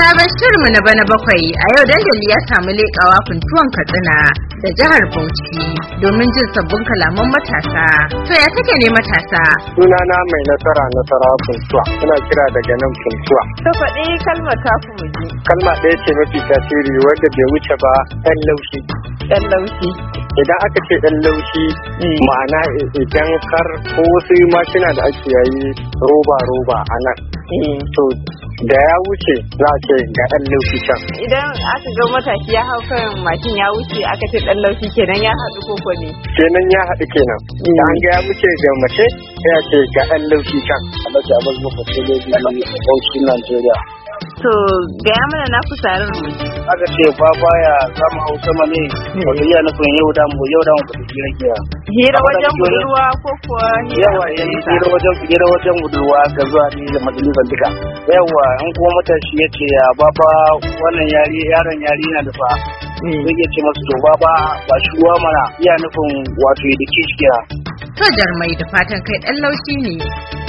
sabon shirinmu na bana bakwai a yau dandali ya samu leƙawa kuntuwan katsina da jihar bauchi domin jin sabbin kalaman matasa to ya take ne matasa sunana mai nasara nasara kuntuwa ina kira daga nan kuntuwa ta faɗi kalmar ta mu muji kalma ɗaya ce mafi tasiri wanda bai wuce ba ɗan laushi ɗan laushi idan aka ce ɗan laushi ma'ana idan kar ko wasu mashina da ake yayi roba roba a nan eh. da ya wuce za a ce ga dan laushi can. Idan aka ga matashi ya hau kan mashin ya wuce aka ce dan laushi kenan ya haɗu koko ne. Kenan ya haɗu kenan. Da an ga ya wuce ga mace ya ce ga dan laushi can. Alhaji Abbas biyu Sojoji Bauchi Najeriya. To gaya mana na ku tsarin mu. Aka ce ba baya zama mu hau sama ne. Wata iya nufin yau da mu yau da mu kuɗi hira kiya. Hira wajen budurwa ko kuwa hira. Eh, hira wajen budurwa ga zuwa ne da majalisar duka. yawa in kuma matashi ya ce ya baba wannan yari yaron yari na da hmm. zai iya ce masu to baba ba shi ruwa mana iya nufin wato ya dake shi kira. To mai da fatan kai ɗan laushi ne.